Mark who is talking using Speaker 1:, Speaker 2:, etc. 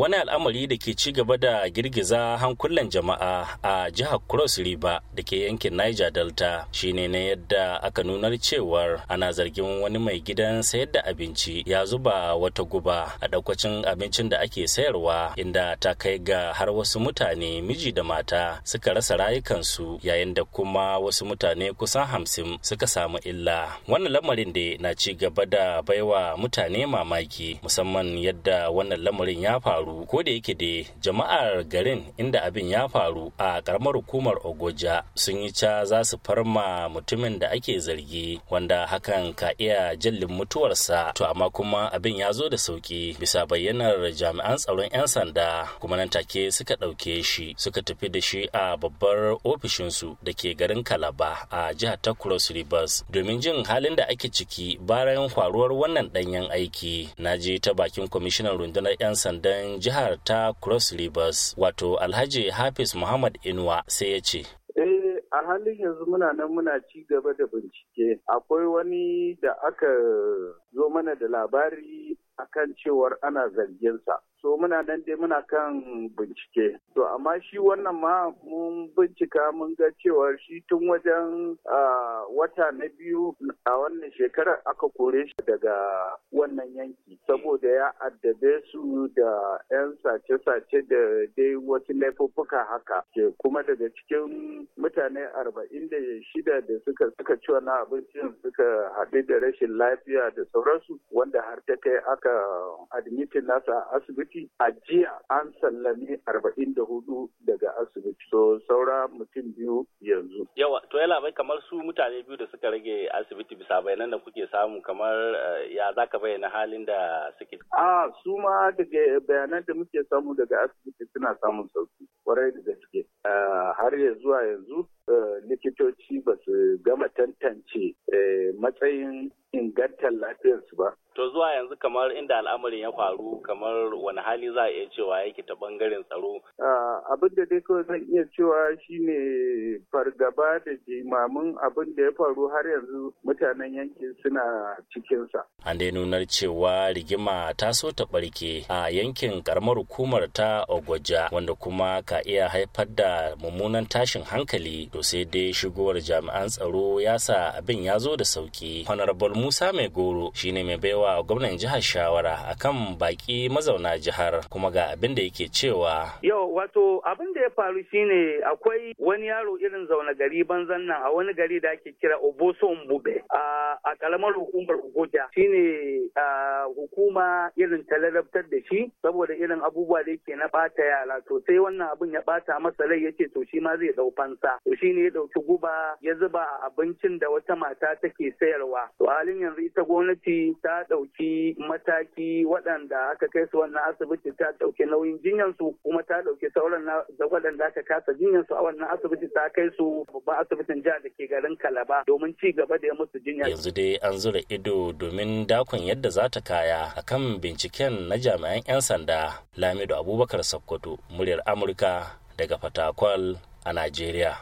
Speaker 1: wani al'amari da ke ci gaba da girgiza hankulan jama'a a jihar cross river da ke yankin niger delta shine na yadda aka nunar cewar ana zargin wani mai gidan sayar da abinci ya zuba wata guba a daukacin abincin da ake sayarwa inda ta kai ga har wasu mutane miji da mata suka rasa rayukansu yayin da kuma wasu mutane kusan hamsin suka samu illa wannan lamarin da na ci gaba da baiwa mutane mamaki musamman yadda wannan lamarin ya faru faru ko da yake dai jama'ar garin inda abin ya faru a karamar hukumar ogoja sun yi ca za su farma mutumin da ake zargi wanda hakan ka iya jallin mutuwarsa to amma kuma abin ya zo da sauki bisa bayyanar jami'an tsaron 'yan sanda kuma nan take suka ɗauke shi suka tafi da shi a babbar ofishinsu da ke garin kalaba a jihar ta cross rivers domin jin halin da ake ciki bayan faruwar wannan ɗanyen aiki na je ta bakin kwamishinan rundunar 'yan sandan jihar ta cross rivers wato alhaji hafiz muhammad inuwa sai ya ce
Speaker 2: eh, a halin yanzu muna nan muna ci gaba da bincike akwai wani da aka zo mana da labari akan cewar ana zarginsa so muna nan dai muna kan bincike to amma shi wannan ma mun bincika mun ga cewar shi tun wajen wata na biyu a wannan shekarar aka kore shi daga wannan yanki saboda ya addabe su da 'yan sace-sace da dai wasu laifuffuka haka Ke kuma daga cikin mutane arba'in da shida da suka suka ci abincin suka haɗu da rashin lafiya da sauransu wanda har ta kai aka admitin nasa asibiti asibiti a jiya an sallame arba'in da hudu daga asibiti so saura mutum biyu yanzu.
Speaker 3: Yawa to yana bai kamar su mutane biyu da suka rage asibiti bisa bayanan da kuke samu kamar eh, ya za ka bayyana halin da suke.
Speaker 2: A su ma daga bayanan da muke samu daga asibiti suna samun sauki kwarai da gaske. Eh, har ya zuwa yanzu eh, likitoci ba su gama tantance matsayin ingantar lafiyarsu ba.
Speaker 3: To zuwa yanzu kamar inda al'amarin ya faru kamar wani hali za a iya cewa yake ta bangaren tsaro.
Speaker 2: Abin da dai kawai zan iya cewa shine fargaba da jimamin abin da ya faru har yanzu mutanen yankin suna cikinsa.
Speaker 1: An dai nunar cewa rigima ta so ta barke a yankin karamar hukumar ta Ogoja wanda kuma ka iya haifar da mummunan tashin hankali to sai dai shigowar jami'an tsaro ya sa abin ya zo da sauki. Honorable musa mai goro shine mai baiwa gwamnan jihar shawara akan baki mazauna jihar kuma ga abin da yake cewa
Speaker 4: yau wato abin da ya faru shine akwai wani yaro irin zaune gari banzan nan a wani gari da ake kira oboso mbube a kalamar hukumar ugoja shine hukuma irin ta ladabtar da shi saboda irin abubuwa da yake na bata yara to sai wannan abin ya bata masa rai yace to shi ma zai dau fansa to shine ya dauki guba ya zuba a abincin da wata mata take sayarwa to halin yanzu ita gwamnati ta ɗauki mataki waɗanda aka kai su wannan asibiti ta ɗauki nauyin jinyansu kuma ta ɗauki sauran da waɗanda aka kasa jinyansu a wannan asibiti ta kai su babban asibitin jihar da ke garin Kalaba domin ci gaba da ya musu jinya. Yanzu
Speaker 1: dai an zura ido domin dakon yadda za ta kaya akan binciken na jami'an 'yan sanda Lamido Abubakar Sokoto muryar Amurka daga Fatakwal a Najeriya.